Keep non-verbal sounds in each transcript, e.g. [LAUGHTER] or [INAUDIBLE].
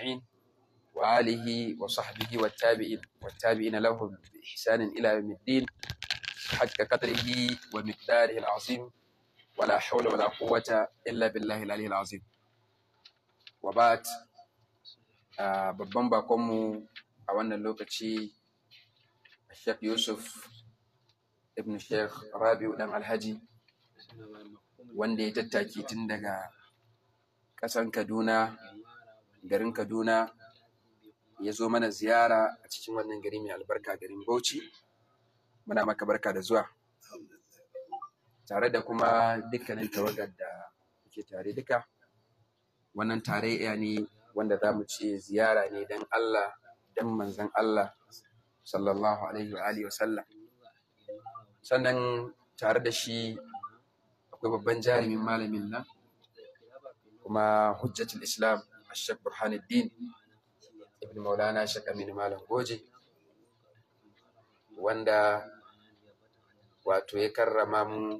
أجمعين وآله وصحبه والتابعين والتابعين لهم بإحسان إلى يوم الدين حق قدره ومقداره العظيم ولا حول ولا قوة إلا بالله العلي العظيم وبعد babban bakonmu a wannan lokaci Sheikh Yusuf ibn Sheikh Rabi'u dan Alhaji wanda ya tattaki tun daga ƙasan Kaduna garin Kaduna ya zo mana ziyara a cikin wannan gari mai albarka garin Bauchi. Muna maka barka da zuwa. Tare da kuma dukkanin tawagar da ke tare duka. Wannan tare ne wanda za mu ce ziyara ne don Allah, don manzan Allah, sallallahu alaihi wa alihi wa sallam. Sannan tare da shi akwai babban jarumin malamin nan kuma hujjatul Islam Ashek Burhanuddin Ibn Maulana Ashek Aminu Malam Goje wanda wato ya karrama mu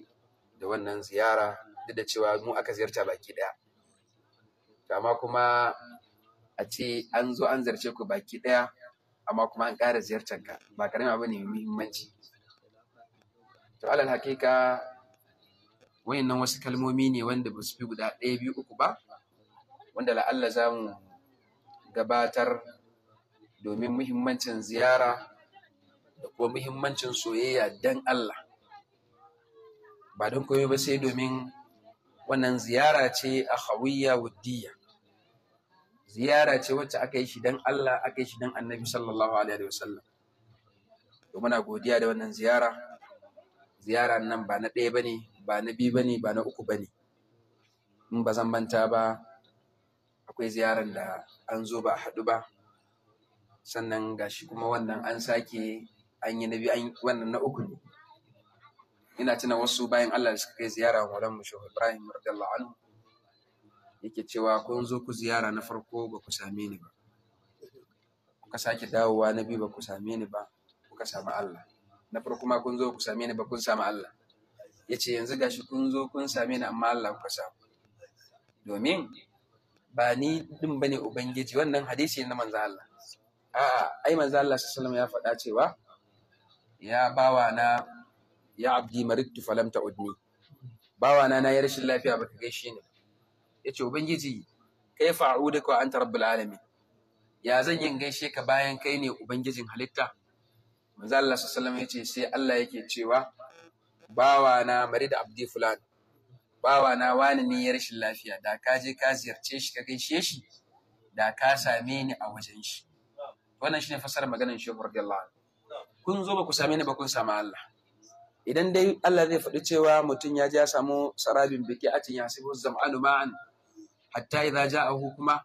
da wannan ziyara duk da cewa mu aka ziyarta baki daya. Amma kuma a ce an zo an zarce ku baki daya amma kuma an ƙara ziyartar ka ba karami abu ne muhimmanci. To alal hakika wayannan wasu kalmomi ne wanda ba su fi guda ɗaya biyu uku ba wanda la'alla za mu gabatar domin muhimmancin ziyara da kuma muhimmancin soyayya don Allah ba don komai ba sai domin wannan ziyara ce a hawiyya wuddiya ziyara ce wacce aka yi shi don Allah aka yi shi don annabi sallallahu alaihi wasallam to muna godiya da wannan ziyara ziyara nan ba na ɗaya ne, ba na biyu ne, ba na uku ba ne, in ba zan manta ba akwai ziyarar da an zo ba a haɗu ba sannan gashi kuma wannan an sake an yi na biyu wannan na uku ne ina tuna wasu bayan Allah da suka kai ziyara wa mu shehu Ibrahim radiyallahu anhu yake cewa kun zo ku ziyara na farko ba ku same ni ba kuka sake dawowa na biyu ba ku same ni ba kuka samu Allah na farko ma kun zo ku same ni ba kun samu Allah yace yanzu gashi kun zo kun same ni amma Allah kuka samu domin ba ni din bane ubangiji wannan hadisi na manzo Allah a'a ai manzo Allah sallallahu ya faɗa cewa ya bawa na ya abdi maridtu falam ta'udni bawa na na yi rashin lafiya baka gaishe ni yace ubangiji kai fa'uduka ka anta rabbul alamin ya zan yin gaishe ka bayan kai ne ubangijin halitta manzo Allah sallallahu yace sai Allah yake cewa bawa na marid abdi fulan bawa na wani ne ya rashin lafiya da ka je ka ziyarce shi ka gaishe shi da ka same ni a wajen shi wannan shine fasar maganar shi radiyallahu anhu kun zo ba ku same ni ba kun samu Allah idan dai Allah zai faɗi cewa mutum ya ja samu sarabin biki a cin yasibu zam'anu ma'an hatta idza ja'ahu kuma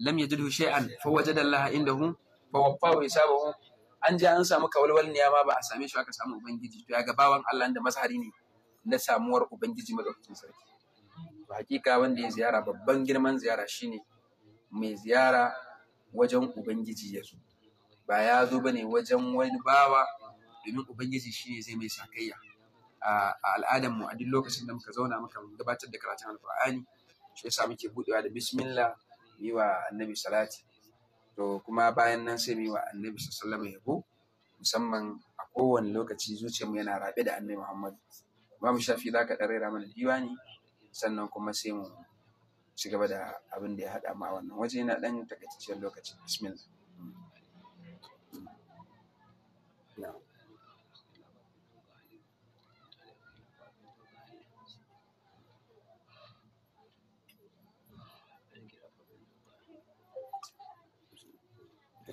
lam yajidhu shay'an fa wajada Allah indahu fa waffahu hisabahu an ja an samu kawalwal niyama ba a same shi aka samu ubangiji to ya ga bawan Allah da masari ne na samuwar ubangiji madaukakin sarki Ba hakika wanda ya ziyara babban girman ziyara shine mai ziyara wajen ubangiji ya zo ba ya zo ba ne wajen wani bawa domin ubangiji shine zai mai sakayya a al'adar mu a duk lokacin da muka zauna muka gabatar da karatun alkur'ani shi yasa muke budewa da bismillah yi wa annabi salati to kuma bayan nan sai mu yi wa annabi sallallahu alaihi wasallam yabo musamman a kowane lokaci zuciyarmu yana rabe da annabi Muhammad babu shafi za ka ɗarera mana ne, sannan kuma sai mu ci gaba da abin da ya haɗa ma wannan waje na ɗan takaitaccen lokaci bismillah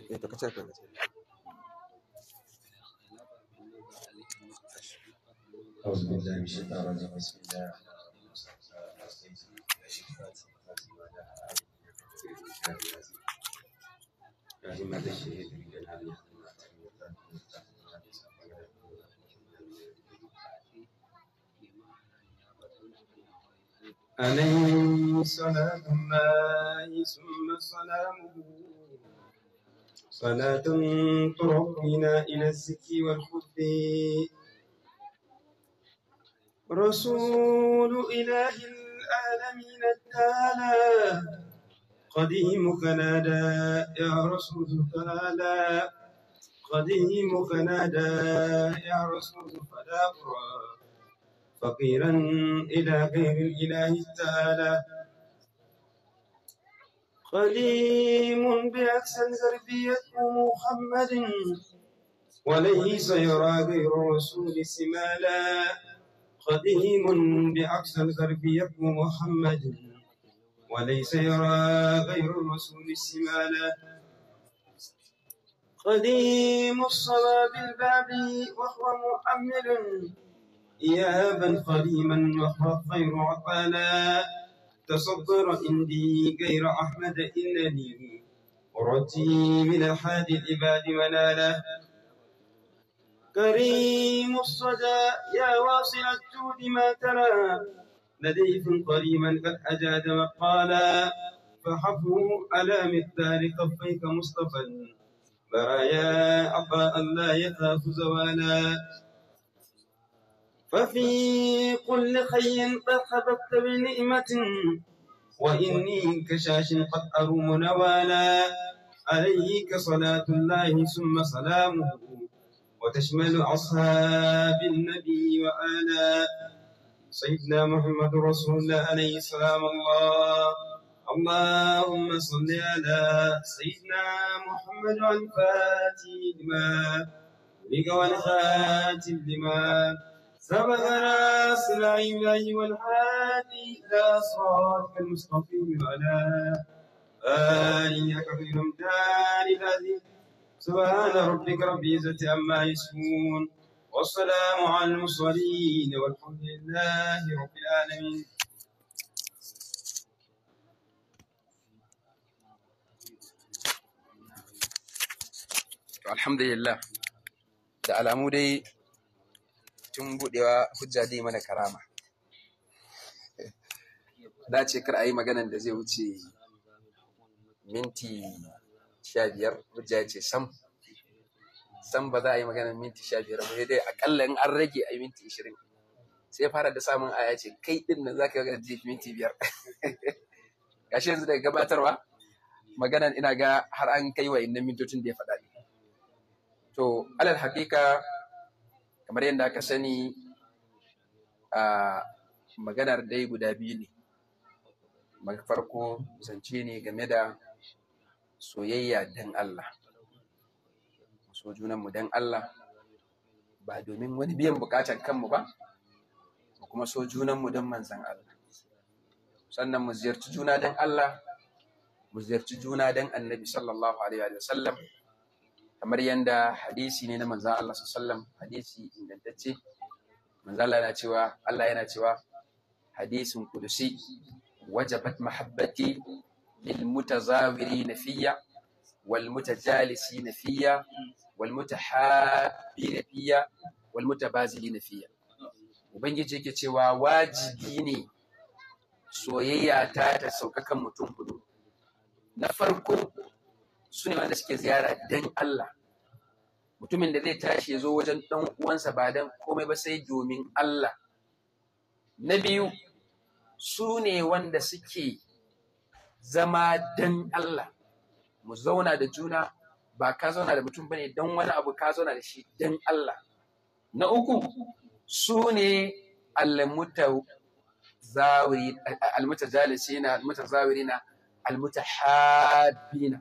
ya eh, to أعوذ بالله من الشيطان الرجيم بسم الله لازم هذا عليه صلاة الله ثم سلامه صلاة ترقينا إلى الزكي والخبز رسول إله العالمين تعالى قديمك نادى يا رسول فلا قديمك نادى يا رسول فلا فقيرا إلى غير الإله تعالى قديم بعكس زربية محمد وليس يرى غير الرسول سمالا قديم بعكس الغرب يبو محمد وليس يرى غير الرسول السمالا قديم الصلاة بالباب وهو مؤمل إيابا قديما وهو غير عطالا تصدر عندي غير أحمد إنني أرتي من أحد العباد منالا كريم الصدى يا واصل الجود ما ترى لديف قريما قد أجاد وقالا فحفه على مقدار قفيك مصطفى برايا عطاء لا يخاف زوالا ففي كل خي قد خبطت بنعمة وإني كشاش قد أروم نوالا عليك صلاة الله ثم سلامه وتشمل أصحاب النبي وآلاء سيدنا محمد رسول الله عليه السلام الله اللهم صل على سيدنا محمد الفاتح لما بك والخاتم لما سبق راس العباد والهادي إلى صراطك المستقيم على آله كثير دار هذه سبحان ربك رب العزة عما يصفون والسلام على المرسلين والحمد لله رب العالمين alhamdulillah da alamu dai tun budewa hujja dai mana karama dace [LAUGHS] kar a yi maganan da zai wuce minti sha biyar hujja ce sam sam ba za a yi maganar minti sha biyar ba dai akalla in an rage a minti ishirin sai fara da samun aya ce kai din nan zaka ga ji minti biyar [LAUGHS] gashi yanzu daga gabatarwa maganan ina ga har an kai wa innan mintocin da ya faɗa to alal haƙiƙa kamar yadda aka sani a maganar dai guda biyu ne farko zance ne game da soyayya dan Allah so junanmu dan Allah ba domin wani biyan bukatan kanmu ba mu kuma so junanmu don manzan Allah sannan mu ziyarci juna don Allah mu ziyarci juna don annabi sallallahu alaihi wa sallam kamar yadda hadisi ne na manzan Allah sallam hadisi ingantacce manzan Allah yana cewa Allah yana cewa hadisin kudusi wajabat mahabbati Ilmuta Walmuta فيا والمتجالسين فيا والمتحابين فيا والمتبازلين فيا ubangiji yake cewa wajibi ne soyayya ta ta saukakan mutum hudu na farko su ne wanda suke ziyara dan Allah mutumin da zai tashi ya zo wajen dan uwansa ba dan komai ba sai domin Allah na biyu su ne wanda suke zama dan Allah mu zauna da juna ba ka zauna da mutum bane dan wani abu ka zauna da shi dan Allah na uku su ne na almutazawirina Habina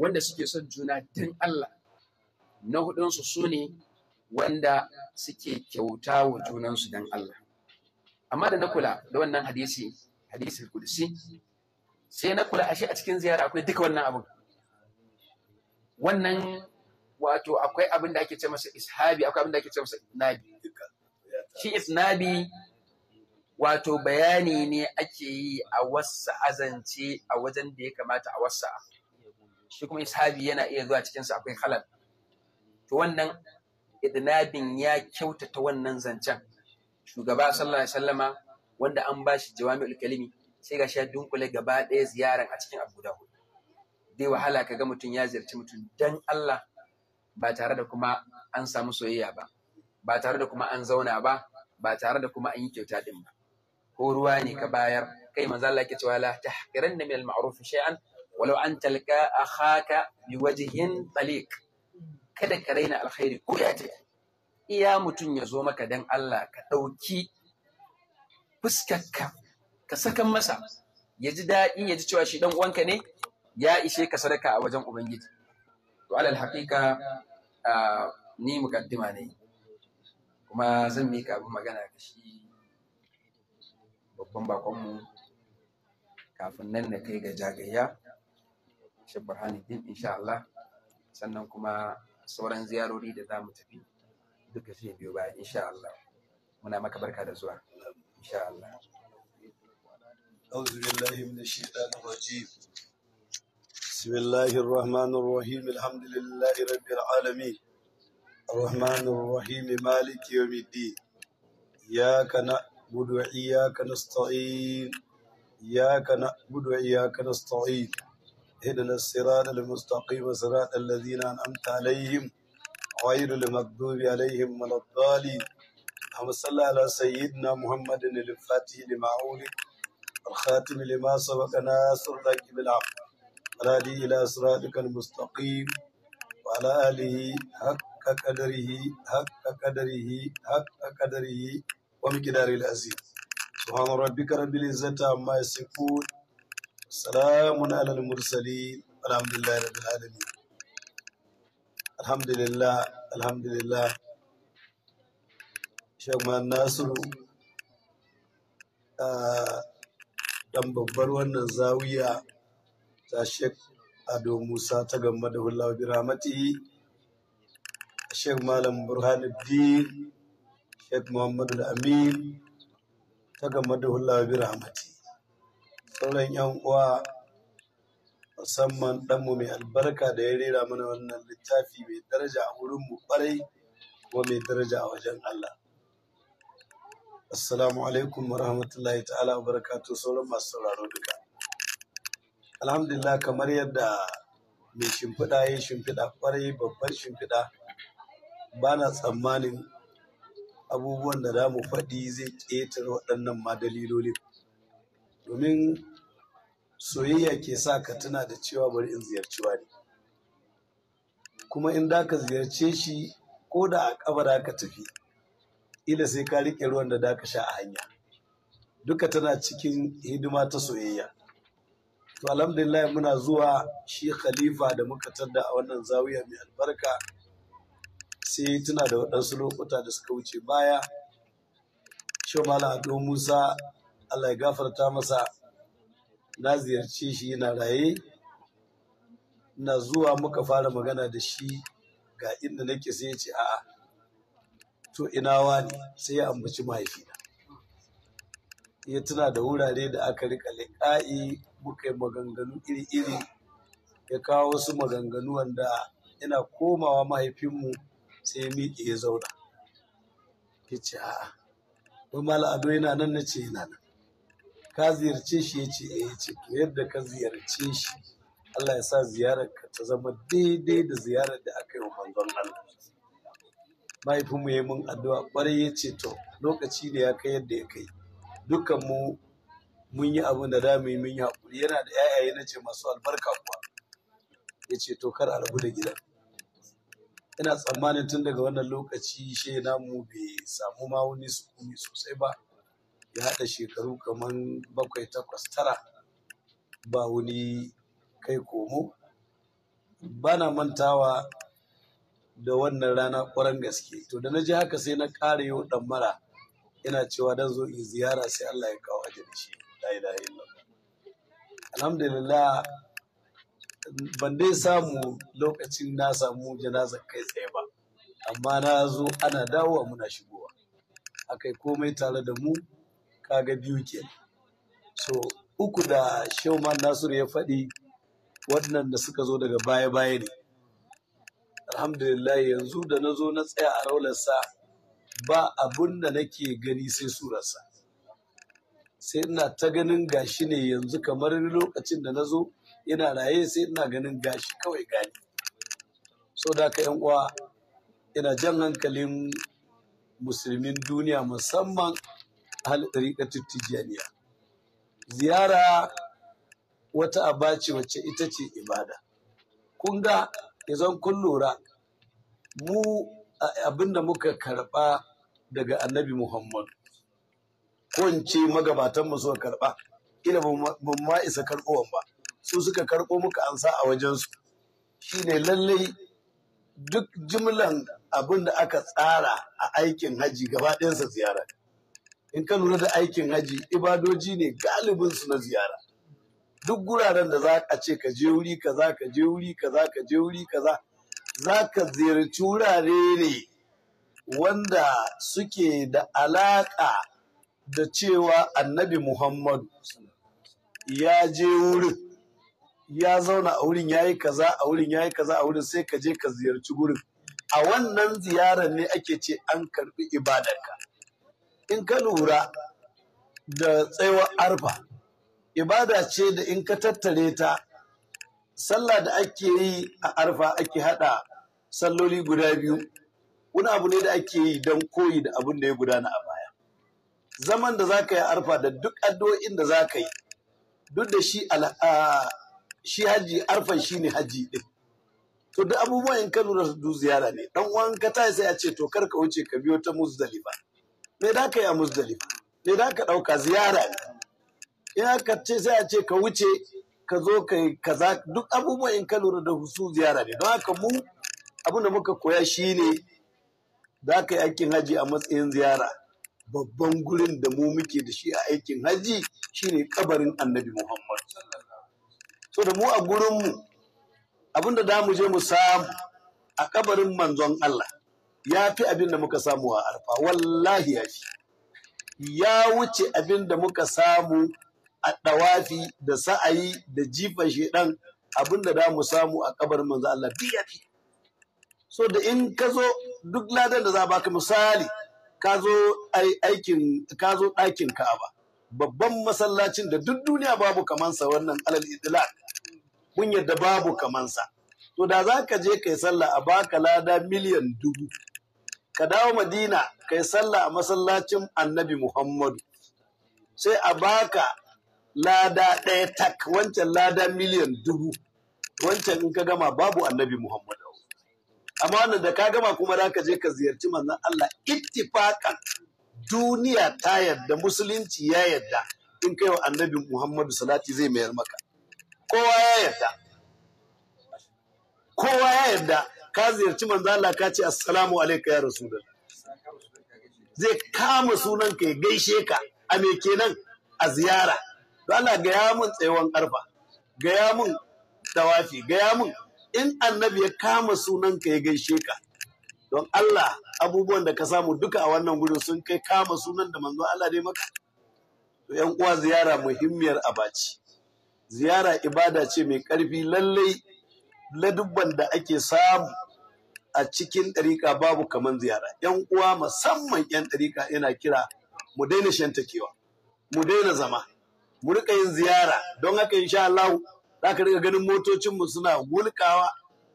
wanda suke son juna dan Allah na hudunsu su ne wanda suke kyauta wa junansu dan Allah amma da na kula da wannan hadisi hadisi kudusi sai na kula ashe a cikin ziyara akwai duka wannan abin wannan wato akwai abin da ake ce masa ishabi akwai abin da ake ce masa nabi. shi isnabi wato bayani ne ake yi a wasu azance a wajen da ya kamata a wasa shi kuma ishabi yana iya zuwa cikinsa akwai halal to wannan idnabin ya kyautata wannan zancen shugaba sallallahu alaihi wasallama wanda an bashi jawami'ul kalimi sai ga ya dunkule gaba ɗaya ziyaran a cikin abu da dai wahala ka ga mutum ya ziyarci mutum dan Allah ba tare da kuma an samu soyayya ba ba tare da kuma an zauna ba ba tare da kuma an yi kyauta din ba ko ruwa ne ka bayar kai manzo Allah yake cewa la tahqiranna min al-ma'ruf shay'an walau an talqa akhaka bi wajhin taliq kada ka raina alkhairi ko ya ta iya mutum ya zo maka dan Allah ka dauki fuskarka ka sakan masa ya ji daɗi ya ji cewa shi ɗan uwanka ne ya ishe ka sadaka a wajen ubangiji to alal haƙiƙa ni mukaddima ne kuma zan mika abin magana ga shi babban bakon mu kafin nan na kai ga jagayya shi din insha Allah sannan kuma sauran ziyarori da za mu tafi duka zai biyo baya insha Allah muna maka barka da zuwa insha Allah أعوذ بالله من الشيطان الرجيم بسم الله الرحمن الرحيم الحمد لله رب العالمين الرحمن الرحيم مالك يوم الدين إياك نعبد وإياك نستعين إياك نعبد وإياك نستعين اهدنا الصراط المستقيم صراط الذين أنعمت عليهم غير المغضوب عليهم ولا الضالين اللهم صل على سيدنا محمد الفاتح لما الخاتم لما سبق ناصر الحق بالحق رادي إلى صراطك المستقيم وعلى آله حق قدره حق قدره حق قدره ومقدار العزيز سبحان ربك رب العزة عما يصفون سلام على المرسلين الحمد لله رب العالمين الحمد لله الحمد لله شيخ ناصر آه ɗan babbar wannan zawiya ta Sheikh Ado Musa ta gamba da Hullawa bi rahmatihi Sheikh Malam Burhanuddin Sheikh Muhammadu Amin ta gamba da Hullawa bi rahmatihi sauran yan uwa musamman ɗanmu mai albarka da ya rera mana wannan littafi mai daraja a wurinmu ƙwarai ko mai daraja a wajen Allah. Assalamu alaikum wa rahmatullahi ta'ala wa barakatu sauran masu sauraro duka. Alhamdulillah kamar yadda mai shimfiɗa ya yi shimfiɗa kwarai babban shimfiɗa ba na tsammanin abubuwan da za mu faɗi zai ƙetare waɗannan ma daliloli. Domin soyayya ke sa ka tuna da cewa bari in ziyarci wani. Kuma in da ka ziyarce shi ko da a ƙabara ka tafi. ila sai ka riƙe ruwan da daka sha a hanya duka tana cikin hidima ta soyayya to alhamdulillah muna zuwa shi khalifa da muka tadda a wannan zawiya mai albarka sai tana da waɗansu lokuta da suka wuce baya shi mala ado musa allah ya gafarta masa na ziyarce shi yana raye na zuwa muka fara magana da shi ga inda nake sai ya ce a'a to ina wani sai ya ambaci mahaifina ya tuna da wurare da aka rika liƙa'i muka yi maganganu iri-iri ya kawo wasu maganganu wanda ina komawa mahaifinmu sai ya miƙe ya zauna ya ce a'a don ado yana nan na ce yana nan ka ziyarce shi ya ce eh. ya ce to yadda ka ziyarce shi Allah ya sa ziyarar ka ta zama daidai da ziyarar da aka yi wa manzon Allah Mahaifin mu ya mun addu'a kwarai ya ce to lokaci ne ya kai yadda ya kai dukkan mu mun yi abin da zamu yi mun yi hakuri yana da 'ya'ya na ce masu albarka kuwa ya ce to kar a rabu da gidan ina tsammanin tun daga wannan lokaci she mu bai samu ma wani sukuni sosai ba ya haɗa shekaru kamar bakwai takwas tara ba wani kai komo ba na mantawa da wannan rana kwaran gaske to da na ji haka sai na ƙara yau ɗan mara ina cewa dan zo in ziyara sai Allah ya kawo ajalci la ilaha illallah alhamdulillah ban dai samu lokacin na samu janazar kai tsaye ba amma na zo ana dawowa muna shigowa akai komai tare da mu kaga biyu ke so uku da shauman nasiru ya faɗi waɗannan da suka zo daga baya-baya ne alhamdulillah yanzu da na zo na tsaya a raularsa ba abun da nake gani sai surarsa sai ina ta ganin gashi ne yanzu kamar lokacin da na zo ina raye sai ina ganin gashi kawai gani so da ka yan uwa ina jan hankalin musulmin duniya musamman hal ɗariƙatun tijjaniya ziyara wata abaci wacce ita ce ibada kun ga izan kun lura mu abinda muka karba daga annabi muhammad ko in magabatan mu suka karba ina ban ma isa karbowan ba su suka karbo muka ansa a wajensu shine lallai duk jimlan abin da aka tsara a aikin haji gaba ɗayansa ziyara in ka lura da aikin haji ibadoji ne galibinsu na ziyara duk guraren da za a ce ka je wuri kaza ka je wuri kaza ka je wuri kaza za ka ziyarci wurare ne wanda suke da alaƙa da cewa annabi muhammadu ya je wurin ya zauna a wurin ya yi kaza a wurin ya yi kaza a wurin sai ka je ka ziyarci wurin. a wannan ziyarar ne ake ce an karbi ibadarka in ka lura da tsawon arfa ibada ce da in ka tattare ta sallah da ake yi a arfa ake hada salloli guda biyu wani abu ne da ake yi don koyi da abin da ya gudana a baya zaman da zaka yi arfa da duk addu'o'in da zaka yi duk da shi shi haji arfan shi ne haji din to da abubuwan in ka lura su ziyara ne dan uwan ka ta sai a ce to kar ka wuce ka biyo ta muzdalifa me da ka yi a muzdalifa me da ka dauka ziyara ne in aka ce sai a ce ka wuce ka zo ka yi kaza duk abubuwan in ka lura da husu ziyara ne don haka mu abin da muka koya shine za ka yi aikin haji a matsayin ziyara babban gurin da mu muke da shi a aikin haji shine kabarin annabi muhammad so da mu a gurinmu abin da za mu je mu samu a kabarin manzon allah ya fi abin da muka samu a arfa wallahi ya fi ya wuce abin da muka samu a ɗawafi da sa'ayi da jifan shedan abinda da mu samu a ƙabar manzo Allah biya so da in ka zo duk ladan da za a baka misali ka zo aikin ka zo ɗakin Ka'aba babban masallacin da duk duniya babu kamansa wannan alal idila mun yadda babu kamansa to da za ka je kai sallah a baka lada miliyan dubu ka dawo madina kai sallah a masallacin annabi muhammadu sai a baka lada ɗaya tak wancan lada miliyan dubu wancan in ka gama babu annabi Muhammad amma wannan da ka gama kuma za ka je ka ziyarci manzan Allah ittifakan duniya ta yadda musulunci ya yadda in kai wa annabi Muhammadu salati zai mayar maka kowa ya yadda kowa ya yadda ka ziyarci manzan Allah ka ce assalamu alaikum ya rasu rasulullah zai kama sunanka ya gaishe ka a me kenan a ziyara don Allah gaya mun tsayuwan ƙarfa, gaya mun tawafi gaya mun in annabi ya kama sunanka ya gaishe ka don Allah abubuwan da ka samu duka a wannan gudun sun kai kama sunan da manzo Allah ne maka to yan uwa ziyara muhimmiyar abaci ziyara ibada ce mai ƙarfi lallai ladubban da ake samu a cikin ɗariƙa babu kamar ziyara yan uwa musamman yan ɗariƙa yana kira mu daina shantakewa mu daina zama mu rika yin ziyara don haka insha Allah za ka rika ganin motocin mu suna wulkawa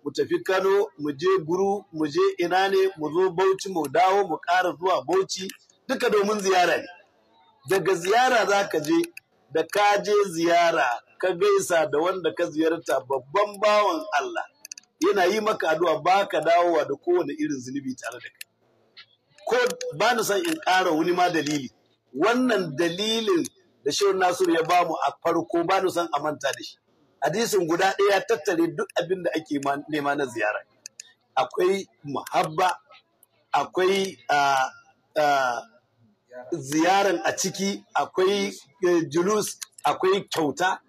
mu tafi Kano mu je Guru mu je ina ne mu zo Bauchi mu dawo mu ƙara zuwa Bauchi duka domin ziyara ne daga ziyara za ka je da ka je ziyara ka gaisa da wanda ka ziyarta babban bawan Allah yana yi maka addu'a ba ka dawowa da kowane irin zunubi tare da kai ko ba na son in ƙara wani ma dalili wannan dalilin da shehu nasiru ya bamu a farko ba ni son a manta da shi hadisin guda ɗaya tattare duk abin da ake nema na ziyara akwai muhabba akwai ziyaran a ciki akwai eh, julus akwai kyauta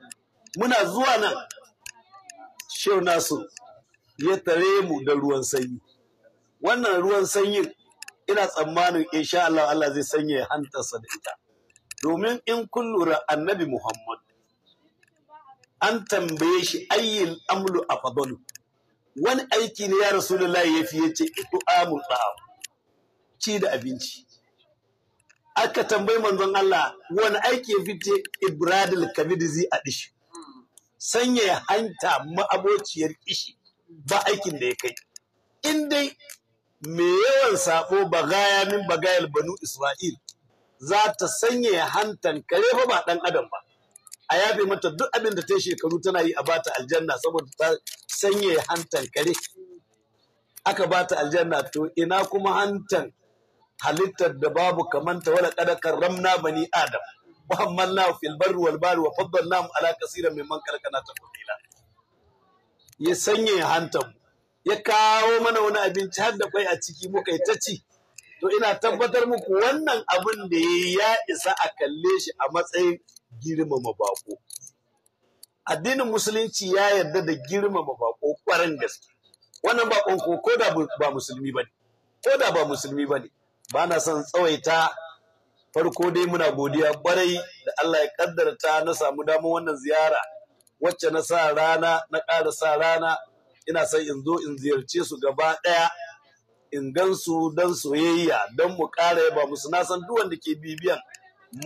muna zuwa nan shehu Nasiru ya tare mu da ruwan sanyi wannan ruwan sanyin ina tsammanin insha Allah Allah zai sanya hantarsa da ita domin in kun lura annabi Muhammad an tambaye shi ayyin amlu a wani aiki ne ya rasulullahi ya fiye ce iku amul ci da abinci aka tambayi manzon Allah wani aiki ya fice ibradil kabidizi a dishi sanya hanta ma'abociyar kishi ba aikin da ya kai in dai me yawan sako bagaya min bagayal banu isra'il za ta sanya hantan kare fa ba dan adam ba a yafe mata duk abin da ta yi shekaru tana yi a bata aljanna saboda ta sanya hantan kare aka bata aljanna to ina kuma hantan halittar da babu kamanta wala kadakar ramna bani adam muhammad na fil barri wal bahri wa faddalnahum ala kaseeran mimman kalkana tafdila ya sanya hantan ya kawo mana wani abinci har da kwai a ciki muka yi ta ci to ina tabbatar muku wannan abin da ya ya isa a kalle shi a matsayin girmama bako addinin musulunci ya yarda da girmama bako kwarin gaske wannan bakon ko koda ba musulmi bane ko da ba musulmi bane ba na son tsawaita farko dai muna godiya barai da Allah ya kaddarta na samu damar wannan ziyara wacce na sa rana na ƙara sa rana ina son in zo in ziyarce su gaba ɗaya in gansu don soyayya don mu ƙara yaba musu nasan duwan da ke bibiyan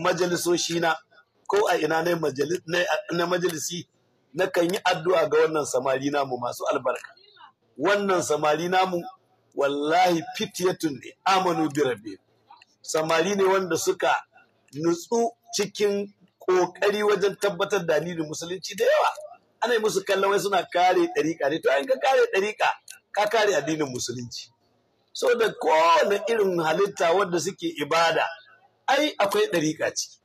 majalisoshi ko a ina na majalisi na kan yi addu'a ga wannan samari namu masu albarka wannan samari namu wallahi fitiyatun ne amanu birabe samari ne wanda suka nutsu cikin kokari wajen tabbatar da addinin musulunci da yawa ana yi musu kallon wai suna kare ɗariƙa ne to an ka kare ɗariƙa ka kare addinin musulunci so da kowane irin halitta wadda suke ibada ai akwai ɗariƙa ciki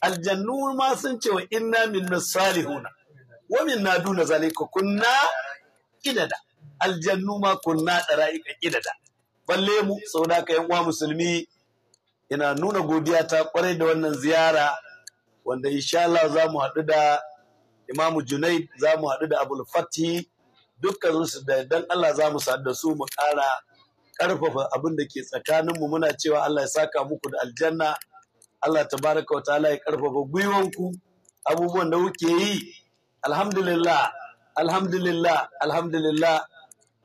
aljannu ma sun ce wa inna minna salihuna wa na duna zalika kunna idada aljannu ma kunna ɗara'ika idada balle mu sau uwa musulmi ina nuna godiya ta kwarai da wannan ziyara wanda insha Allah za mu haɗu da imamu Junaid za mu haɗu da Abul Fati su da dan Allah za mu haɗu da su mu ƙara ƙarfafa abin da ke tsakaninmu muna cewa Allah ya saka muku da aljanna Allah ta baraka wa ta'ala ya ƙarfafa gwiwanku abubuwan da kuke yi alhamdulillah alhamdulillah alhamdulillah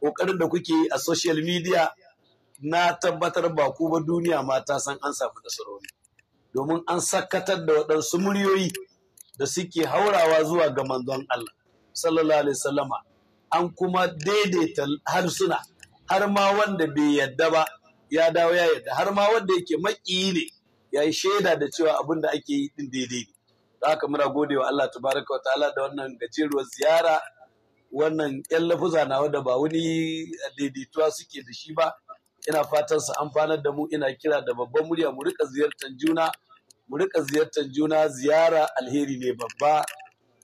ƙoƙarin da kuke yi a social media na tabbatar ba ku ba duniya ma ta san an samu nasarori domin an sakatar da waɗansu muryoyi da suke haurawa zuwa ga manzon Allah sallallahu alaihi wasallama an kuma daidaita harsuna har ma wanda bai yadda ba ya dawo ya yadda har ma wanda yake maƙiyi ne ya yi shaida da cewa abin da ake yi din daidai ne da haka muna gode wa Allah tabaraka wa ta'ala da wannan gajeruwar ziyara wannan yan lafuza na wanda ba wani daidaituwa suke da shi ba ina fatan su amfanar da mu ina kira da babban murya mu rika ziyartar juna mu rika ziyartar juna ziyara alheri ne babba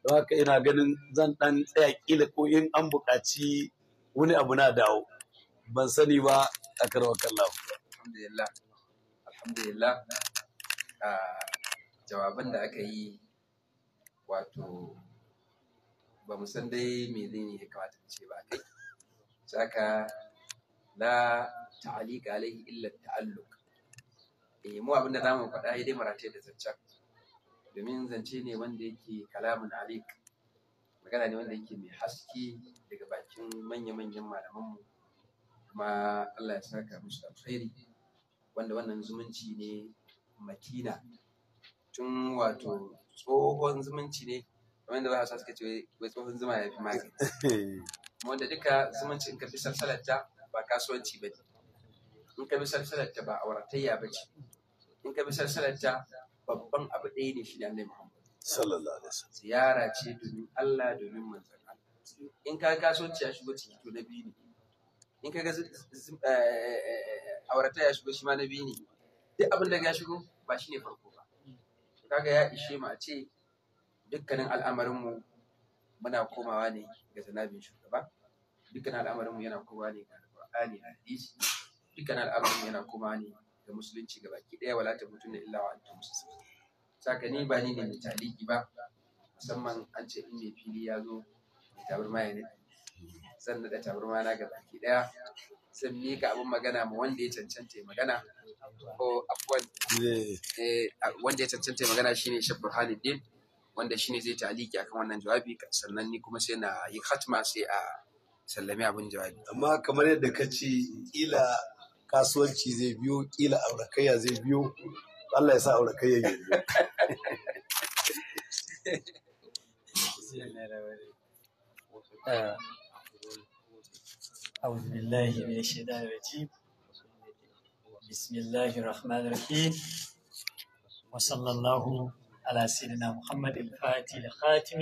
don haka ina ganin zan dan tsaya kila ko in an buƙaci wani abu na dawo ban sani ba a karwa kallon. Alhamdulillah. Alhamdulillah. Ah, jawaban da aka yi wato ba mu san dai me zai ne ya kamata ce ba kai. Saka la ta'alika alaihi illa ta'alluq. Eh mu abin da zamu faɗa dai marate da zancen. Domin zance ne wanda yake kalamun alik. Magana ne wanda yake mai haske daga bakin manya-manyan malamanmu kuma Allah ya saka musu alkhairi wanda wannan zumunci ne matina tun wato tsohon zumunci ne da ba suka ce wai tsohon zuma ya fi magani [LAUGHS] wanda duka zumuncin ka fi salsalarta ba kasuwanci ba ne in ka bi salsalarta ba auratayya ba ce in ka bi salsalarta babban abu ɗaya ne shi ne annabi Muhammad sallallahu alaihi wasallam ziyara ce domin Allah domin manzon Allah in ka kasuwanci ya shigo ciki to na biyu ne in kaga eh, eh, eh, aurata ya shigo shi ma na biyu ne duk abin da ya shigo ba shi ne farko ba kaga ya ishe mu a ce dukkanin al'amarinmu muna komawa ne ga zanabin shugaba dukkanin al'amarinmu yana komawa ne ga alƙur'ani a hadisi dukkanin al'amarinmu yana komawa ne ga musulunci ga baki ɗaya wala ta mutum da illa wa antum muslimin saka ni ba ni ne mai taliki ba musamman an ce in mai fili ya zo mai tabar ma ya zan naɗa tabarma na ga baki ɗaya zan mika abin magana ma wanda ya cancanta magana ko afwan eh, wanda ya cancanta magana shine Sheikh Burhanuddin wanda shine zai taliki akan wannan jawabi sannan ni kuma sai na yi khatma sai a sallami abin jawabi amma kamar yadda ka ce kila kasuwanci zai biyo kila aurakayya zai biyo Allah ya sa aurakayya ya biyo Uh, [LAUGHS] أعوذ بالله من الشيطان الرجيم بسم الله الرحمن الرحيم وصلى الله على سيدنا محمد الفاتح الخاتم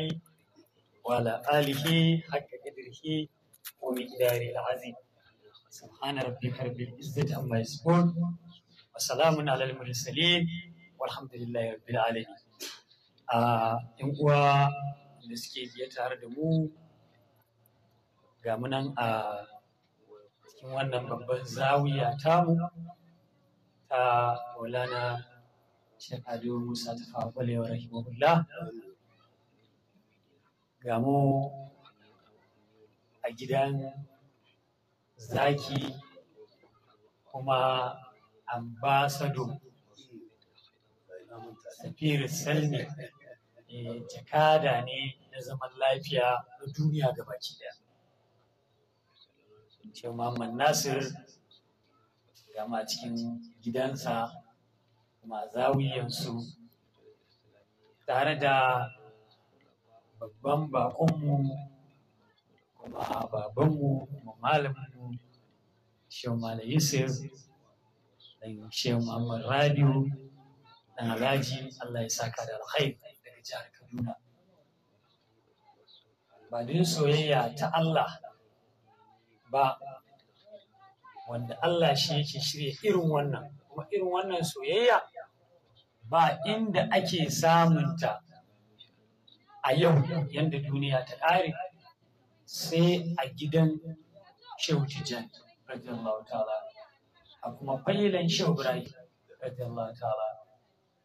وعلى آله حق قدره ومقدار العظيم سبحان ربك رب العزة عما يصفون وسلام على المرسلين والحمد لله رب العالمين آه da suke biye tare da mu ga munan a cikin wannan babban zawiya tamu ta maulana Sheikh Ado Musa ta wa rahimahullah ga mu a gidan zaki kuma ambasado safir salmi eh, jakada ne na zaman lafiya na duniya gabaki daya Shehu Muhammad Nasir gama cikin gidansa kuma zawiyansu tare da babban bakonmu kuma babanmu kuma malaminmu Shehu Malam Yusuf dan Shehu Muhammad Rabiu dan Alhaji Allah ya saka da alkhairi daga jihar Kaduna ba soyayya ta Allah ba wanda Allah shi yake shirya irin wannan kuma irin wannan soyayya ba inda ake samunta a yau yadda duniya ta ƙare sai a gidan shehu radiyallahu ta'ala a kuma failan shehu ibrahim radiyallahu ta'ala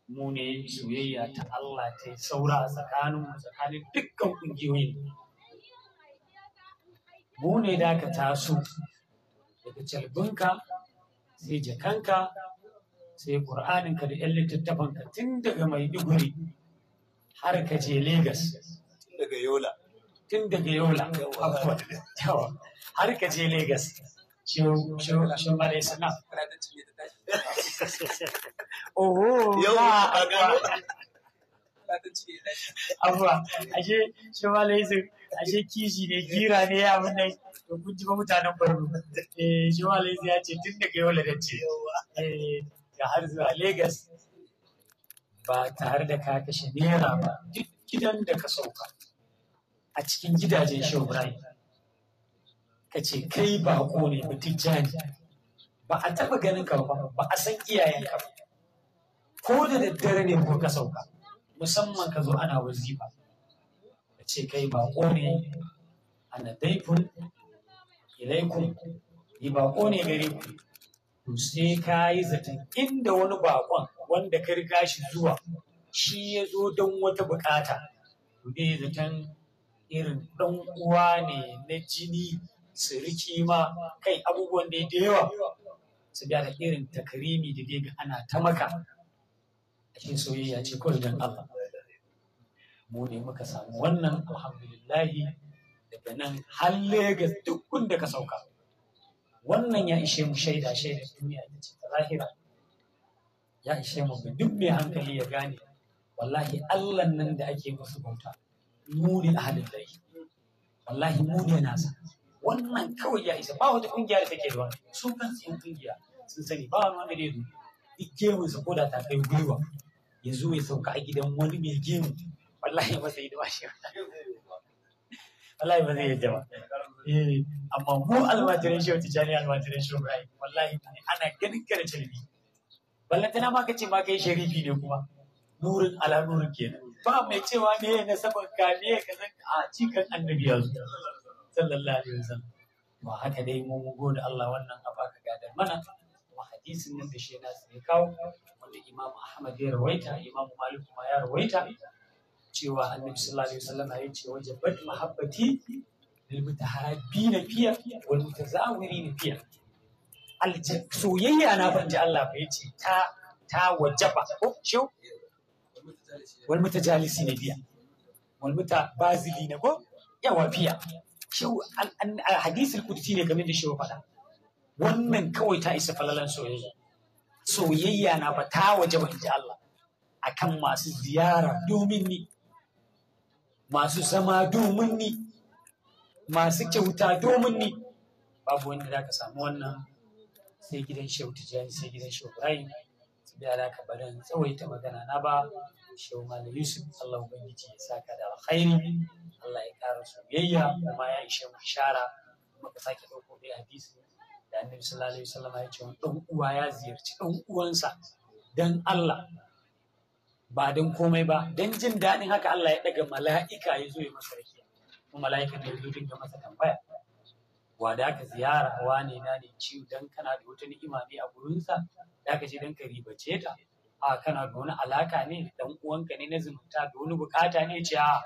mu ne soyayya ta Allah ta yi saura a tsakaninmu tsakanin dukkan ƙungiyoyin mu ne da ka taso daga calbinka sai jakanka sai ƙur'aninka da 'yan littattafanka tun daga maiduguri har ka je Legas. Tun daga Yola. Tun daga Yola. Har ka je Legas. Shin ba abuwa [LAUGHS] ashe shi mala yusuf ashe kishi ne gira ne ya abin nan to kun ji ba mutanen borno eh shi mala yusuf ya ce tun daga yau ladance eh da har zuwa Legas ba tare da ka kashe naira ba duk gidan da ka sauka a cikin gidajen shaurai ka ce kai bako ne ba tijjani ba a taɓa ganin ka ba ba a san iyayen ka ba ko da daddare ne ko ka sauka musamman ka zo ana wazifa ka ce kai baƙo ne ana daifun ilaikun Yi baƙo ne gare ku to sai ka yi zaton inda wani baƙon wanda ka riga shi zuwa shi ya zo don wata buƙata to dai zaton irin ɗan uwa ne na jini siriki ma kai abubuwan da da yawa su biya da irin takarimi da dai ana ta maka cikin soyayya ce kawai don Allah mu ne muka samu wannan alhamdulillahi daga nan har Legas duk da ka sauka wannan ya ishe mu shaida shaida duniya ta ce ta zahira ya ishe mu duk mai hankali ya gane wallahi Allah nan da ake musu bauta mu ne ahalin lai wallahi mu ne nasa wannan kawai ya isa ba wata kungiya da take da su kan yan kungiya sun sani ba wani wanda da ya zo duk gemunsa ko da ta kai gwiwa ya zo ya sauka a gidan wani mai gemu wallahi ba zai da shi wallahi ba zai yi ba eh, amma mu almajirin shi wata jani almajirin shi rai wallahi ana ganin kare ballanta na maka ce maka kai sharifi ne kuma nurin ala nurin kenan ba mai cewa ne na saban ka ne ka san a cikin annabi yanzu sallallahu alaihi wasallam ba haka dai mu mu gode Allah wannan abaka gadar mana kuma hadisin nan da shi na sai kawo da Imam Ahmad ya rawaita Imam Malik kuma ya rawaita cewa Annabi sallallahu alaihi wasallam ya ce wajabat mahabbati lil na fiya wal mutazawirin fiya al soyayya na banji Allah fa yace ta ta wajaba ko ciwo wal mutajalisi na biya wal mutabazili na ko yawa fiya ciwo al hadisul qudsi ne kamar da shi faɗa wannan kawai ta isa falalan soyayya soyayya na fata ta waje ba Allah Allah akan masu ziyara domin ni masu zama domin ni masu kyauta domin ni babu wanda za ka samu wannan sai gidan shehu tijjani sai gidan shehu ibrahim su bi da ka barin tsawaita magana na ba shehu mali yusuf allah ubangiji ya saka da alkhairi allah ya kara soyayya kuma ya ishe mu shara ka sake ɗauko da hadisi da annabi sallallahu alaihi wasallam ya ce dan uwa ya ziyarci dan uwansa dan Allah ba dan komai ba dan jin daɗin haka Allah ya daga mala'ika ya zo ya masa rakiya kuma mala'ika ne ya zo dinga masa tambaya wa da ka ziyara wa ne na ne ciwo dan kana da wata ni'ima ne a gurinsa da ka ce dan ka ribace ta a kana da wani alaka ne dan uwanka ne na zumunta da wani bukata ne ce a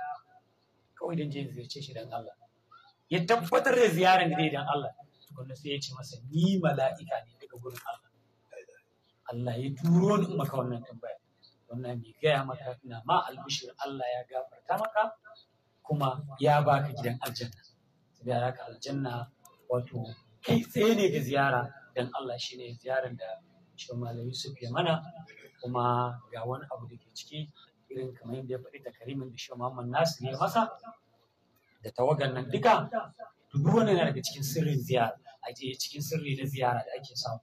kawai dan je ziyarce shi dan Allah ya tabbatar da ziyarar da zai dan Allah tukunna sai ya ce masa ni mala'ika ne daga gurin Allah Allah ya turo ni maka wannan tambaya wannan mai gaya maka na ma albishir Allah ya gafarta maka kuma ya baka gidan aljanna Ziyara ka aljanna wato kai tsaye ne ga ziyara dan Allah shine ziyarar da shi malami Yusuf ya mana kuma ga wani abu da ke ciki irin kamar yadda ya faɗi takarimin da shi Muhammad Nasir ya masa da tawagan nan duka duk wannan yana daga cikin sirrin ziyara a cikin sirri na ziyara da ake samu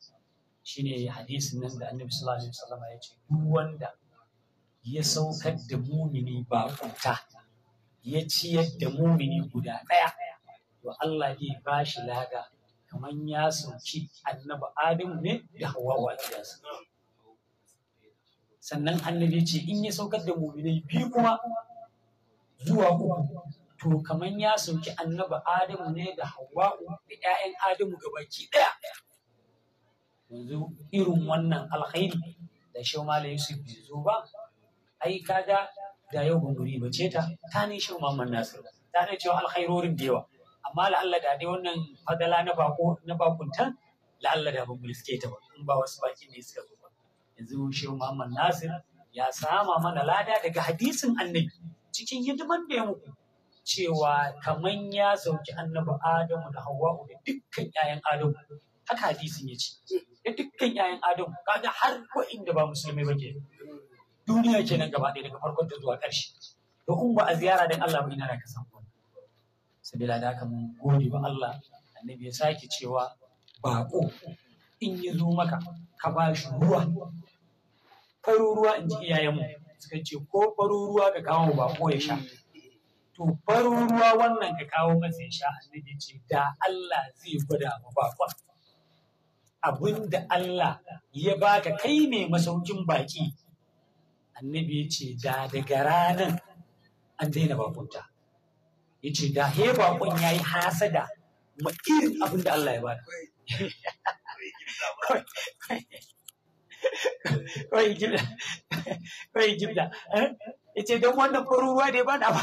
shine hadisin nan da annabi sallallahu alaihi wasallam ya ce duk wanda ya saukar da mumini ba kuta ya ciyar da mumini guda ɗaya to Allah zai ba shi laga kamar ya sauki annabi Adamu ne da Hawwa wa sannan annabi ya ce in ya saukar da mumini biyu kuma zuwa uku to kaman ya sauki annabi adamu ne da hawa'u da 'ya'yan adamu ga baki ɗaya yanzu irin wannan alkhairi da shaumala yusuf bai zo ba ai kaga da yau gunguri ba ce ta ta ne shi Muhammad Nasir ta ne cewa alkhairorin da yawa amma la da dai wannan fadala na bako na bakuntan la Allah da ban bulske ta ba in ba wasu baki ne suka zo ba yanzu shi Muhammad Nasir ya sama mana lada daga hadisin annabi cikin hidiman da ya muku cewa kaman ya sauki annabi Adamu da Hawwa'u da dukkan 'ya'yan Adamu. Haka hadisin ya ce. Da dukkan 'ya'yan Adamu kaga har wa'inda ba musulmai ba ke. Duniya kenan gaba ɗaya daga farkon ta zuwa ƙarshe. To in ba a ziyara dan Allah ba ina da ka samu Sabila da ka mun gode wa Allah annabi ya sake cewa baƙo in ya zo maka ka ba shi ruwa. faruruwa in ji iyayenmu suka ce ko faruruwa ga ka kawo baƙo ya sha. to wannan ka kawo masa sha annabi ce da Allah zai gwada mu bakon abinda Allah ya ka kai ne masaukin baki annabi ya ce da daga ranar an daina bakunta ya ce da he bakon ya yi hasada ma irin abinda Allah ya baka kawai gida gida ce don wannan farin ruwa ne ba na ba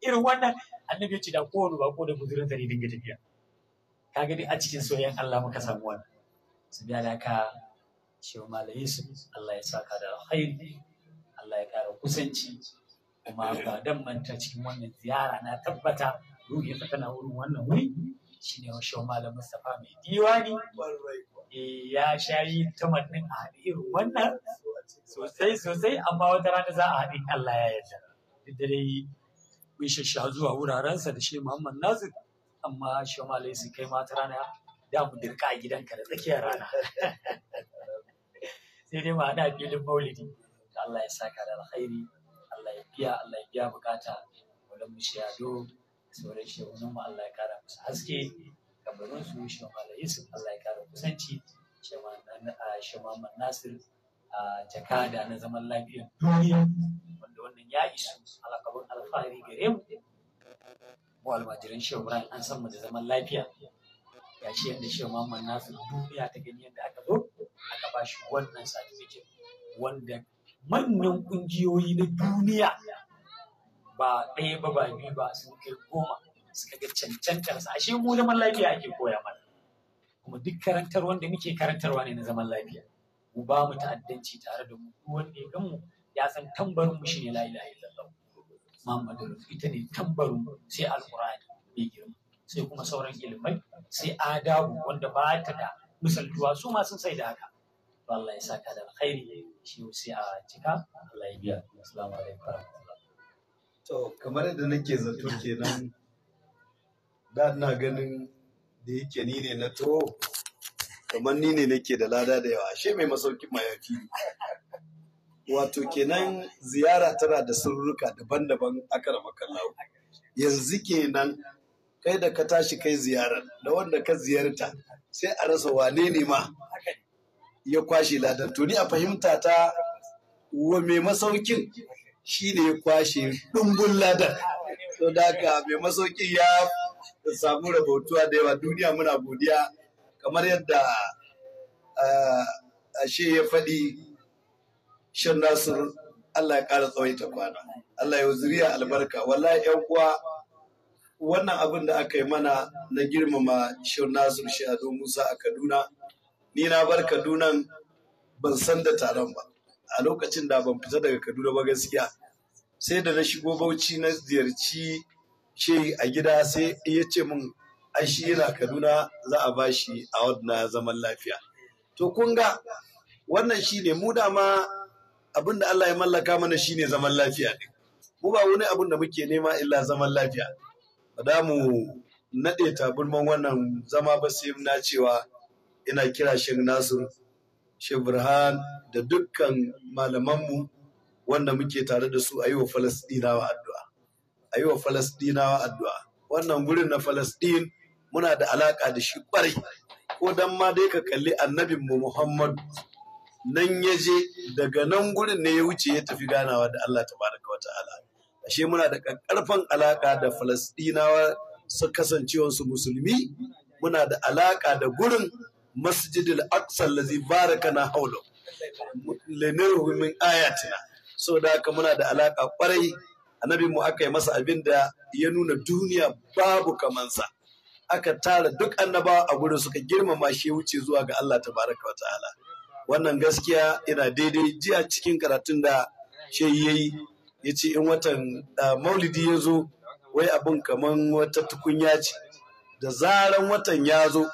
irin wannan annabi ya ce da kowane ko da guzurinsa ne dinga tafiya ka gani a cikin soyayyen Allah muka samu wannan su biya da ka shi malayi su Allah ya saka da alkhairi Allah ya kara kusanci kuma ba dan manta cikin wannan ziyara na tabbata ruhi ta tana wurin wannan wuri shine wa shehu malam Mustapha mai diwani eh, ya sha shayi tamannin a irin wannan sosai sosai amma wata rana za a haɗin Allah ya yarda da dai mun shasha zuwa wurarensa da shi Muhammad Nazir amma shi ma su kai mata rana da mu dirka a gidanka da tsakiyar rana [LAUGHS] sai dai ma haɗa filin maulidi Allah ya saka da alkhairi Allah ya biya Allah ya biya bukata wannan mu shiyado sauran shehunan mu Allah ya kara musu haske kamarun su shi ma Allah ya kara kusanci shi ma eh, Nasir jakada na zaman lafiyar duniya wanda wannan ya isu alakabun alfahari gare mu mu almajiran shehu an san mu da zaman lafiya ya shi yadda shehu muhammad nasu duniya ta gani yadda aka zo aka ba shi wannan satifikin. wanda manyan ƙungiyoyi na duniya ba ɗaya ba ba biyu ba sun kai goma suka ga cancantar sa ashe mu zaman lafiya ake koya mana kuma duk karantar wanda muke karantarwa ne na zaman lafiya mu ba mu ta'addanci tare da mu duk wanda ya mu ya san tambarin mu shine la ilaha illallah Muhammadu ita ne tambarin mu sai alqur'ani mai girma sai kuma sauran ilimai sai adabu wanda ba ta da misaltuwa su ma sun sai da haka Allah ya saka da alkhairi shi sai a cika Allah ya biya assalamu alaikum to kamar yadda nake zato kenan da ina ganin da yake ni ne na to kamar ni ne nake da lada da yawa ashe mai masaukin mayafi wato kenan ziyara tana da sirruka daban-daban aka rama kallawo yanzu kenan kai da ka tashi kai ziyarar da wanda ka ziyarta sai a rasa wane ne ma ya kwashe ladan to ni a fahimta ta wa mai masaukin shi ne ya kwashe ɗumbun ladan to da mai masaukin ya samu rabautuwa da yawa duniya muna godiya kamar yadda ashe eh, ya faɗi shan nasir Allah ya ƙara tsawaita kwana Allah ya zuriya albarka Wala yan uwa wannan abin da aka yi mana na girmama shan nasir shi a musa a kaduna ni na bar kadunan ban san da taron ba a lokacin da ban fita daga kaduna ba gaskiya sai da na shigo bauchi na ziyarci shehi a gida sai ya ce min ai shi yana Kaduna za a bashi a wadda zaman lafiya to kun ga wannan ne mu dama abin da Allah ya mallaka mana ne zaman lafiya ne mu ba wani abin da muke nema illa zaman lafiya ba mu naɗe taburman wannan zama ba sai na cewa ina kira Sheikh Nasir Sheikh Burhan da dukkan mu wanda muke tare da su a yi wa Falasɗinawa addu'a. A yi wa Falasɗinawa addu'a. Wannan gurin na Falasɗin muna da alaƙa da shi kwarai ko dan ma dai ka kalli annabin mu Muhammadu nan ya je daga nan gurin ne ya wuce ya tafi ganawa da Allah tabaraka wata'ala ashe muna da karfan alaƙa da Falastinawa su kasancewar su musulmi muna da alaƙa da gurin Masjidil Aqsa allazi barakana hawla lenirhu min ayatina da haka muna da alaka kwarai annabin mu aka yi masa abin da ya nuna duniya babu kamansa aka tara duk annaba a gurin suka girmama shi wuce zuwa ga Allah tabaraka wa ta'ala wannan gaskiya ina daidai jiya cikin karatun da shi yayi ya ce in watan maulidi ya zo wai abin kaman wata tukunya ce da zaran watan ya zo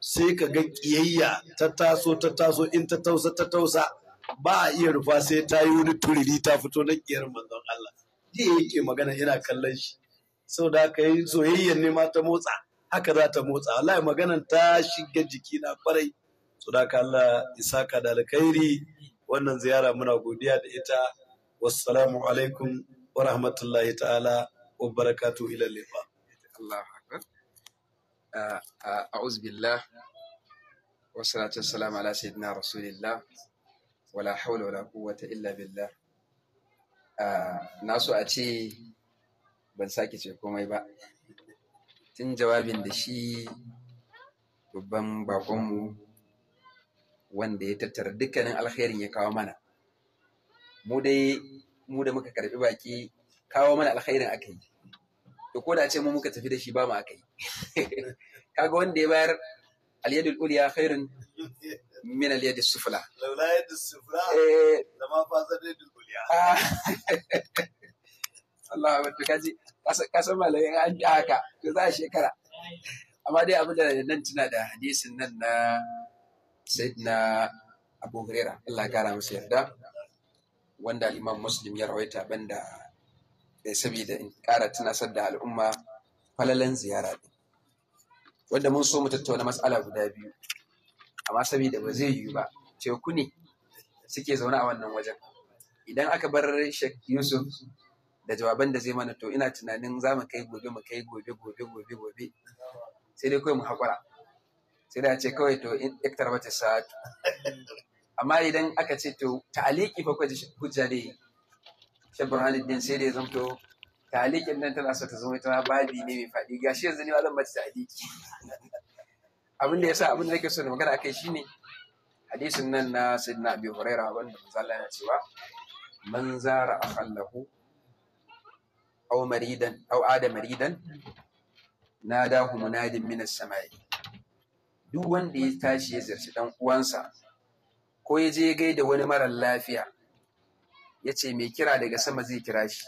sai ka ga ƙiyayya ta taso ta taso in ta tausa ta tausa ba a iya rufa sai ta yi wani turiri ta fito na ƙiyar manzon Allah. Jiya yake magana yana kallon shi. Sau da aka yi soyayyar nema ta motsa. haka za ta motsa wallahi maganan ta shiga jiki na kwarai to da ka Allah isaka da alkhairi wannan ziyara muna godiya da ita wassalamu alaikum wa rahmatullahi ta'ala wa barakatuhu ila lifa Allahu akbar a'udhu billah salatu wassalamu ala sayyidina rasulillah wala hawla wala quwwata illa billah na so a ce ban sake ce komai ba tun jawabin da shi babban bakonmu wanda ya tattara dukkanin alkhairin ya kawo mana mu dai mu da muka karbi baki kawo mana alkhairin aka yi to ko da ce mu muka tafi da shi ba mu aka yi [LAUGHS] kaga wanda ya bayar alyadul ulya khairun min alyad sufla laula yad sufla eh zama fa zadul ulya ah. [LAUGHS] Allah wato kaji kasan malayin an yi haka to za a shekara amma dai abu da nan tuna da hadisin nan na sayyidina abu huraira Allah kara musu yarda wanda imam muslim ya rawaita banda eh, saboda in kara tunasar da al'umma falalan ziyara ne. wanda mun so mu tattauna matsala guda biyu amma saboda ba zai yiwu ba teku ne suke zaune a wannan wajen idan aka bar shek Yusuf da jawaban da zai mana to ina tunanin za mu kai gobe mu kai gobe gobe gobe gobe sai dai kawai mu haƙura sai dai a ce kawai to in ɗaktar wata sa'atu amma idan aka ce to ta'aliki fa kwa hujja ne shi burhanuddin sai dai zamto ta'alikin nan tana so ta zama ita babi ne mai faɗi gashi yanzu ne ma zan mace ta'aliki abin da yasa abin da nake so na magana akai shine hadisin nan na sayyidina abi a wanda manzo Allah ya cewa man zara akhallahu أو مريدا أو عاد مريدا ناداه مناد من السماء duk wanda ya tashi ya zarci ɗan uwansa ko ya je gaida wani marar lafiya ya ce mai kira daga sama zai kira shi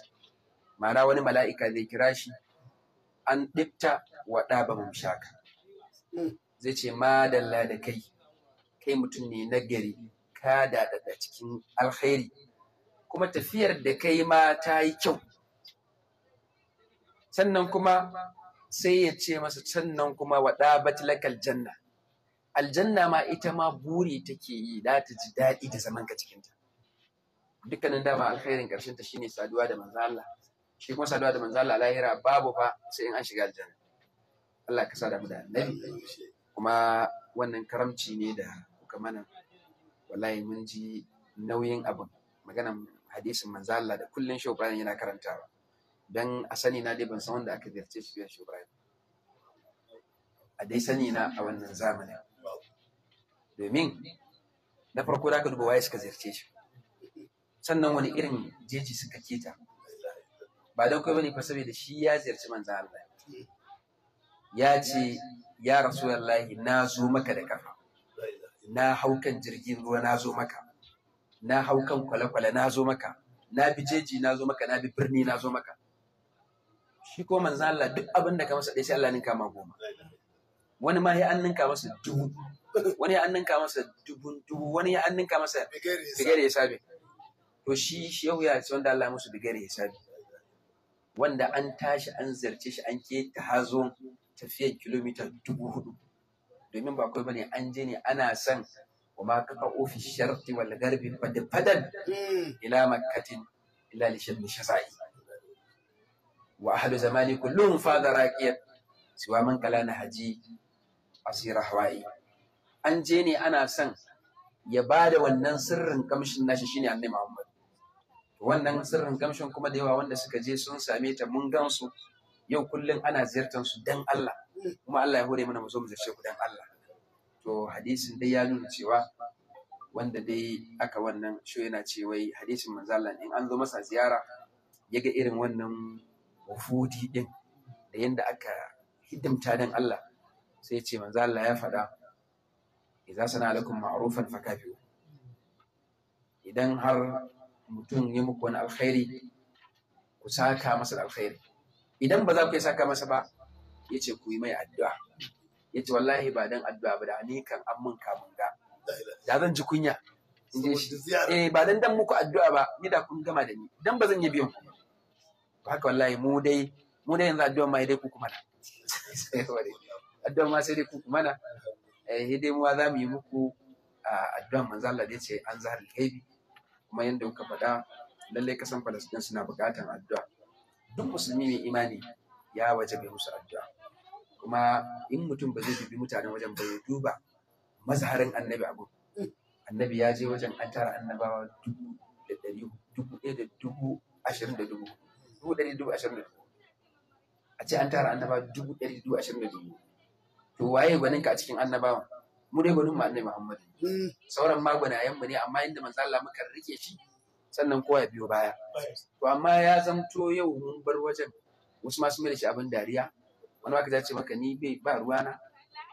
mara wani mala'ika zai kira shi an ɗibta wa ɗaba shaka zai ce madalla da kai kai mutum ne na gari ka daɗaɗa cikin alkhairi kuma tafiyar da kai ma ta yi kyau sannan kuma sai ya ce masa sannan kuma waɗa batilakal janna aljanna ma ita ma buri take yi da ta ji daɗi da zaman ka cikinta dukkanin dama alkhairin ƙarshen ta shine saduwa da manzo Allah shi kuma saduwa da manzo Allah lahira babu fa sai in an shiga aljanna Allah ka sa da mu da annabi kuma wannan karamci ne da kuka mana wallahi mun ji nauyin abin maganan hadisin manzo Allah da kullun shauƙanin yana karantawa don a sani na dai ban san wanda aka ziyarce shi biyan Ibrahim a dai sani na a wannan zamanin domin na farko da aka duba waye suka ziyarce shi sannan wani irin jeji suka keta ba don kai bane fa saboda shi ya ziyarci manzo Allah ya ce ya rasulullahi na zo maka da kafa na hau kan jirgin ruwa na zo maka na hau kan kwale-kwale na zo maka na bi jeji na zo maka na bi birni na zo maka shi ko manzo Allah duk abin da ka masa dai sai Allah ninka ma goma wani ma ya an ninka masa dubu wani ya an ninka masa dubu dubu wani ya an ninka masa bigare hisabi to shi yau ya ce wanda Allah musu bigare hisabi wanda an tashi an zarce shi an ke ta hazo tafiyar kilomita dubu hudu domin ba kai bane an je ne ana son وما كفأوا في wal garbi فدفدا hmm. ila makkatin ila لشم shasa'i. وأهل زماني كلهم فاذا راكيا سوى من كلان هجي An je ne ana san ya ba da wannan sirrin kamshin nashi shine annabi Muhammad wannan sirrin kamshin kuma da yawa wanda suka je sun same ta mun gansu yau kullum ana ziyartar su dan Allah kuma Allah ya hore mana mu zo mu ziyarce ku dan Allah to hadisin dai ya nuna cewa wanda dai aka wannan sho yana ce wai hadisin manzo Allah in an zo masa ziyara ya ga irin wannan wufudi din da yanda aka hidimta dan Allah sai ce manzo Allah ya faɗa idza sana lakum ma'rufan fakafi idan har mutum ya muku wani alkhairi ku saka masa alkhairi idan ba za ku yi saka masa ba ya ce ku yi mai addu'a ya ce wallahi ba dan addu'a ba da ni kan an mun kamun ga da zan ji kunya eh ba dan dan muku addu'a ba ni da kun gama da ni dan ba zan yi biyan ku haka wallahi mu dai mu dai yanzu addu'a ma dai ku kuma na [LAUGHS] addu'a ma sai dai ku kuma na eh dai mu za mu yi muku addu'a manzo Allah dai ce an zahar gaibi kuma yanda kuka faɗa lalle san Palestine suna buƙatar addu'a duk musulmi mai imani ya waje bai musu addu'a kuma in mutum ba zai dubi mutanen wajen ba ya duba mazharin annabi a gudu annabi ya je wajen an tara annabawa dubu da dubu ɗaya da dubu ashirin da dubu dubu ɗari dubu ashirin da dubu a ce an tara annaba dubu ɗari dubu ashirin da dubu to waye gwanin ka a cikin annabawan mu dai gwanin mu annabi Muhammad hmm. sauran magwanayen mu ne amma inda manzo Allah muka rike shi sannan kowa ya biyo baya to amma ya zanto yau mun bar wajen wasu ma sun mai da shi abin dariya wani ma ka ce maka ni bai ba ruwana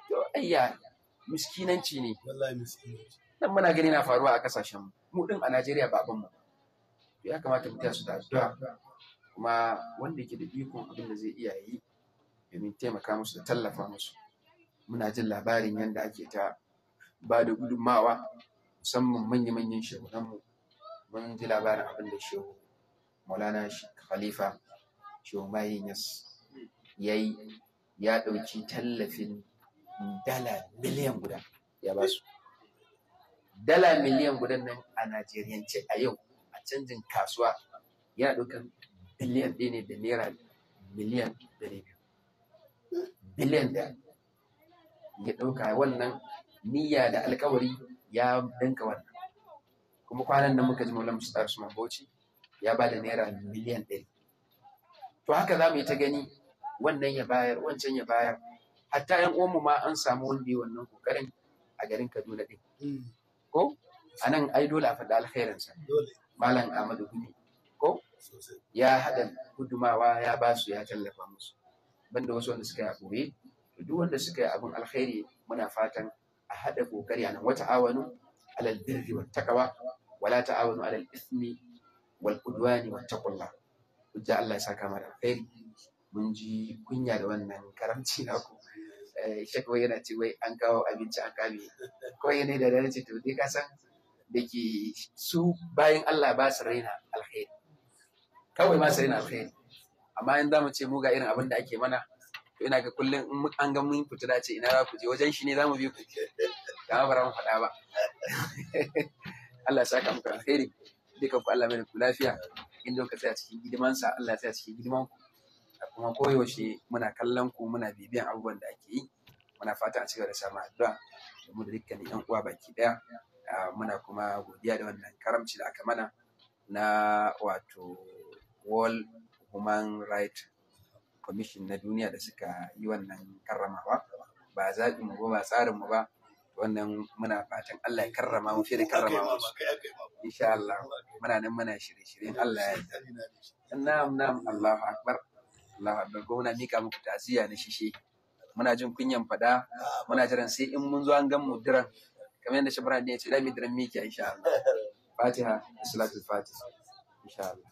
to ayya miskinanci ne wallahi miskinanci dan muna gani na faruwa a kasashen mu mu din a Najeriya babanmu. mu ya kamata mu tasu da addu'a kuma wanda ke da ikon abin da zai iya yi domin taimaka musu da tallafa musu muna jin labarin yadda ake ta ba da gudunmawa musamman manya-manyan shehudanmu mun ji labarin abin da shehu maulana khalifa shehu mayin ya yi ya ɗauki tallafin dala miliyan guda ya ba su dala miliyan guda nan a najeriyance a yau a canjin kasuwa ya ɗaukan biliyan ɗaya ne da naira miliyan ɗari biyu biliyan da ya ɗauka wannan niyya da alkawari ya danka wannan kuma kwanan nan muka ji maulan musulman usman bauchi ya ba da naira miliyan ɗari to haka za mu yi ta gani wannan ya bayar wancan ya bayar hatta yan uwanmu ma an samu wanda ya wannan kokarin a garin kaduna ɗin mm. ko a nan ai dole a faɗi alkhairinsa malam ahmadu gumi ya haɗa gudumawa ya ba su ya tallafa musu banda wasu wanda suka yi a ɓoye duk wanda suka yi abin alkhairi muna fatan a haɗa kokari a nan wata awanu alal birri wa takawa wala ta'awanu alal ismi wal udwani wa taqullah hujja Allah ya saka mana alkhairi mun ji kunya da wannan karamci na ku. naku eh, shakwa yana ce wai an kawo abinci an kame kawai ne da dare ce to dai ka san da su bayan Allah ba su raina alkhairi kawai ma sai na fahimta. amma in mu ce mu ga irin abin da ake mana to ina ga kullum in an ga mun fita da ce ina za ku je wajen shi ne za mu bi ku da ba mu faɗa ba [LAUGHS] Allah ya saka muku alheri duka ku Allah mai lafiya in ka tsaya cikin sa Allah ya tsaya cikin hidiman ku kuma koyaushe muna kallon ku muna bibiyan abubuwan da ake yi muna fata a cigaba da samun addu'a da mu da dukkanin yan uwa baki daya ah, muna kuma godiya da wannan karamci da aka mana na wato World Human Rights Commission na duniya da suka yi wannan karramawa ba zaɓin mu ba ba tsarin mu ba wannan muna fatan Allah ya karrama mu fiye da karrama mu insha Allah muna nan muna shirye shirye Allah ya yarda na'am na'am Allahu akbar Allahu akbar ko muna mika muku tasiya na shishe muna jin kunyan fada muna jiran sai in mun zo an gan mu diran kamar yadda shabara ne ya ce da mi diran miki insha Allah Fatiha salatu Fatiha insha Allah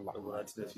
الله.